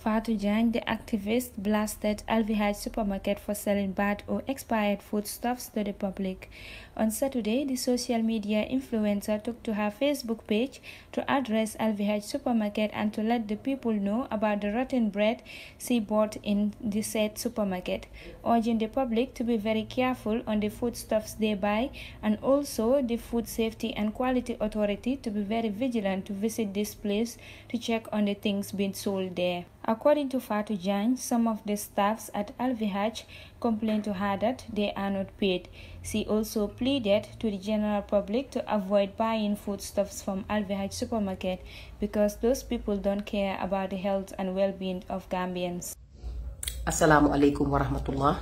Fatu the activist, blasted Alvihaj supermarket for selling bad or expired foodstuffs to the public. On Saturday, the social media influencer took to her Facebook page to address Alvihaj supermarket and to let the people know about the rotten bread she bought in the said supermarket, urging the public to be very careful on the foodstuffs they buy and also the Food Safety and Quality Authority to be very vigilant to visit this place to check on the things being sold there. According to Fatou Jan, some of the staffs at LVH complained to her that they are not paid. She also pleaded to the general public to avoid buying foodstuffs from LVH supermarket because those people don't care about the health and well-being of Gambians. Assalamu alaikum wa rahmatullah.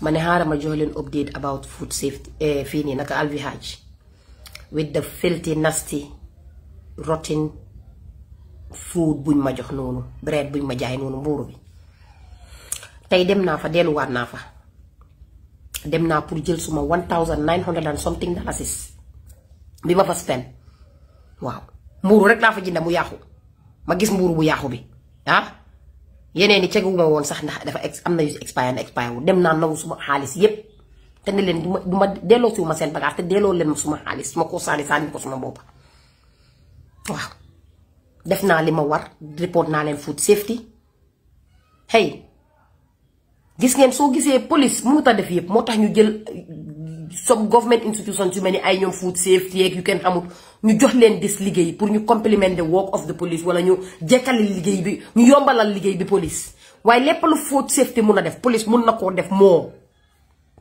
ma ne update about food safety eh, fii nii naka alvihage with the filthy nasty rotten food buñ ma jox noonu bread buñ ma jaay noonu mbuuru bi tey dem naa fa delluwaat naa fa dem naa pour jël suma one thousand nine hundred and something dalasis bi ma fa spend waaw mbuuru rek laa fa jënda mu yàqu ma gis mbuuru bu yàqu bi ah yeneen i ceguwuma woon sax ndax dafa ex am na yu expire na expire wu dem naa nangu suma xaalis yépp te ne leen du ma du ma delloo siwuma seen bagage te delloo leen suma xaalis su ma ko saani saani ko suma boppa waaw def naa li ma war report naa leen food safety xëy gis ngeen soo gisee police mënut a def yëpp moo tax ñu jël some government institutions yu mel ni ay ñoom food safety yeeg yu kenn xamut ñu jox leen dis liggéey pour ñu complement the work of the police wala ñu jekkale liggéey bi ñu yombalal liggéey bi police waaye léppalu lu food safety mun a def police mun na koo def moo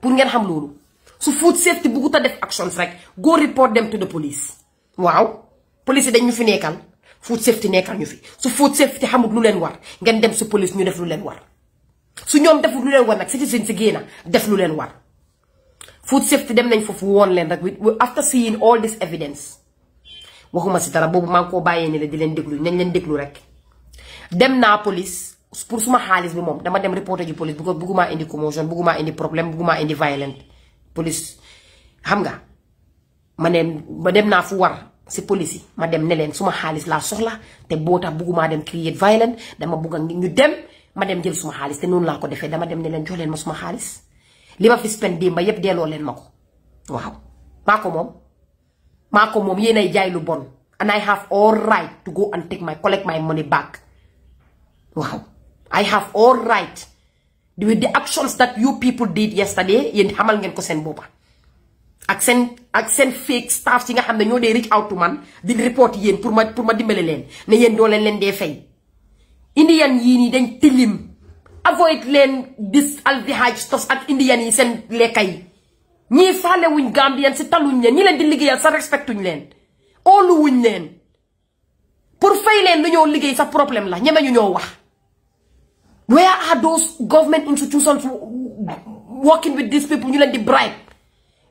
pour ngeen xam loolu su food safety bugut a def actions rek go report dem to the police waaw police yi dañ ñu fi nekkal. food safety nekkal ñu fi su food safety xamut lu leen war ngeen dem su police ñu def lu leen war su ñoom defut lu leen war nag citizen si génn def lu leen war food safety dem nañ foofu woon leen rek after seeing all this evidence waxuma si dara boobu maa ngi koo bàyyee ni la di leen déglu nañ leen déglu rek dem naa police pour suma xaalis bi moom dama dem reporter ji police because bëggumaa indi commotion bëggumaa indi problème bëggumaa indi violent police xam nga ma ne ma dem naa fu war si police ma dem ne leen suma xaalis laa soxla te boo tax buggumaa dem create violence dama bugg a ñu dem ma dem jël suma xaalis te noonu laa ko defee dama dem ne leen jox leen ma suma xaalis li ma fi spend démb yépp delloo leen ma ko waaw maa ko moom maa ko moom yéenay jaay lu bon and I have all right to go and take my collect my money back waaw I have all right the actions that you people did yesterday yéen xamal ngeen ko seen boppa ak seen ak seen fake staff yi nga xam ne ñoo dee reach out to man di report yéen pour ma pour ma dimbale leen ne yéen doo leen leen dee fay indian yii nii dañ tilim avoid leen dis alvihaj tos ak indian yi seen lekka yi ñii faalewuñ gambien si taluñ leen ñi leen di liggéeyal sa respectuñ leen ooluwuñ leen pour fay leen lu ñoo liggéey sa problème la ñeme ñu ñoo wax where are those government institutions working with these people ñu leen di bribe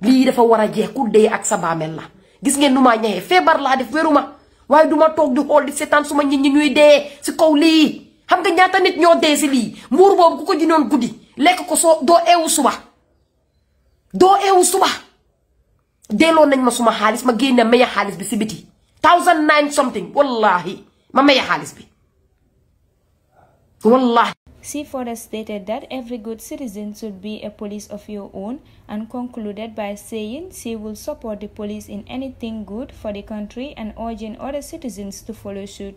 lii dafa war a jeex ku dee ak sa baamel la gis ngeen nu maa ñaxee feebar laa def wéruma waaye duma toog di xool di seetaan suma nit ñi ñuy dee si kaw lii xam nga ñaata nit ñoo dee si lii mbuur boobu ku ko jinoon guddi lekk ko soo doo eewu suba doo eewu suba delloo nañ ma suma xaalis ma génne meya xaalis bi si biti thousand nine something wallahi ma meya xaalis bi wallahi Seaforth stated that every good citizen should be a police of your own and concluded by saying she will support the police in anything good for the country and urging other citizens to follow suit.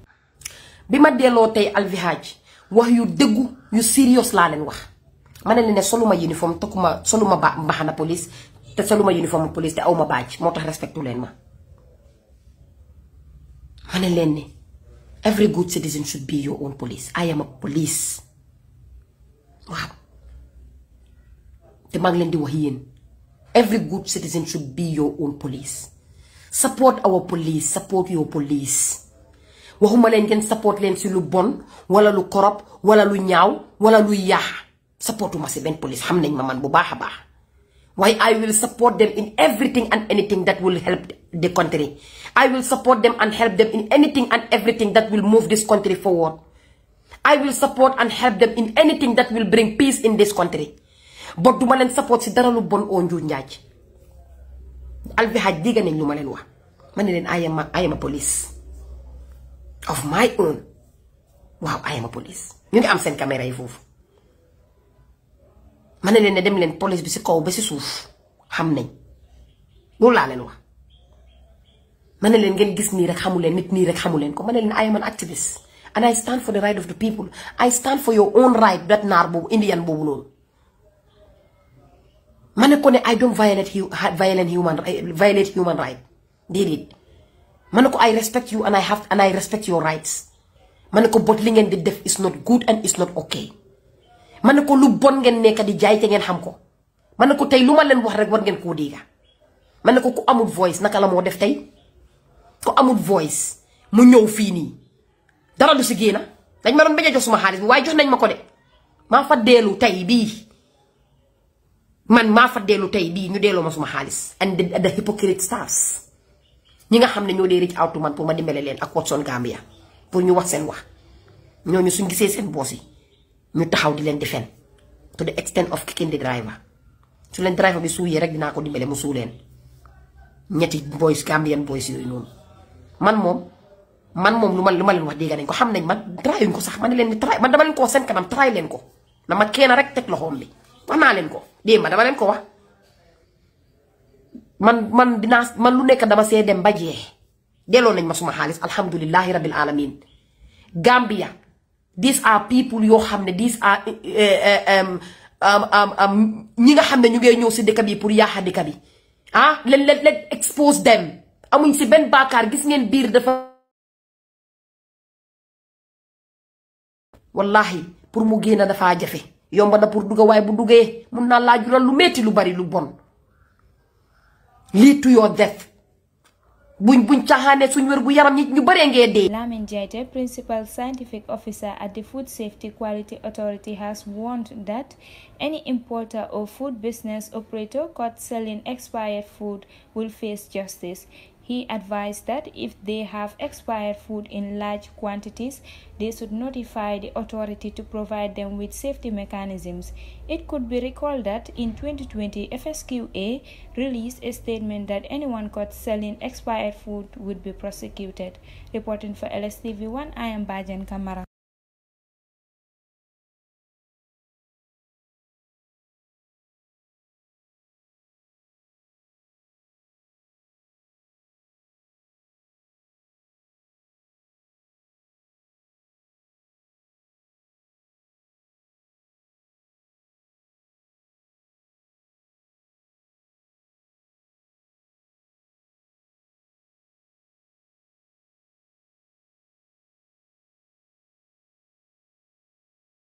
bi ma delloo tey alvihaj wax yu dëggu yu serious laa leen wax ma ne leen ne soluma uniforme takkuma soluma ba police te soluma uniform police te awma badge, moo tax respectu leen ma ma every good citizen should be your own police I am a police waaw te maa leen di wax yéen every good citizen should be your own police support our police support your police waxuma leen ngeen support leen si lu bon wala lu korop wala lu ñaaw wala lu yaax supportuma si benn police xam nañ ma man bu baax a baax waaye I will support dem in everything and anything that will help the country I will support them and help them in anything and everything that will move this country forward I will support and help them in anything that will bring peace in this country but duma and support si dara lu bon oo njuuj I will dégg nañ lu ma leen wax ma ne leen I am a I am a police of my own Wow, I am a police ñu i am saying caméra yi foofu ma ne dem police bi si kaw ba si suuf xam nañ loolu laa leen wax ma ne ngeen gis nii rek xamu nit nii rek ko I am an activist and I stand for the right of the people I stand for your own right that naar boobu indian boobu noonu ma ne ko ne I don't violate violate human eh, violate human right déedéet ma ne ko I respect you and I have and I respect your rights ma ne ko bot li ngeen di def is not good and is not okay ma ne ko lu bon ngeen nekk di jaay te ngeen xam ko ma ne ko tey lu ma leen wax rek war ngeen koo dégga ma ne ko ku amul voice naka la moo def tey ku amul voice mu ñëw fii nii. dara du ci gina dañ ma don beje jox suma xaliss way jox nañ mako de ma fa delu tay bi man ma fa delu tay bi ñu deeloo ma suma xaliss and the, the hypocrite stars ñi nga xamne ñoo dee reach out to man pour ma dimbale len ak Watson Gambia pour ñu wax sen wax ñu suñu gisé sen boss yi ñu taxaw di len di fen to the extent of kicking the driver su len driver bi suuy rek dina ko dimbale mu suu leen ñetti boys Gambian boys yooyu noonu man mom man mom lu man lu ma wax dégg nañ ko xam nañ man ñu ko sax man leen ni man dama leen ko seen kanam leen ko na ma kenn rek tek loxom bi wax na leen ko ma dama leen ko wax man man dina man lu nekk dama see dem ba jeex delloo nañ ma suma xaliss alhamdulilahi rabbil alamin Gambia these are people yo xamne these are eh, eh, ñi nga xamne ñu ngey ñëw ci dekk bi pour yaaxa dëkk bi ah leen leen let expose dem amuñ si ben bakar gis ngeen bir dafa wallahi pour mu génn dafaa jafe yomb na pour dugga waaye bu duggee mun naa laa jural lu metti lu bari lu bon lii tuyoo def buñ buñ caaxaane suñ wér gu yaram ñu bëree ngee dee. Lamin Jaiteh, principal scientific officer at the Food Safety Quality Authority, has warned that any importer or food business operator caught selling expired food will face justice. He advised that if they have expired food in large quantities, they should notify the authority to provide them with safety mechanisms. It could be recalled that in 2020, FSQA released a statement that anyone caught selling expired food would be prosecuted. Reporting for LSTV1, I am Bajan Kamara.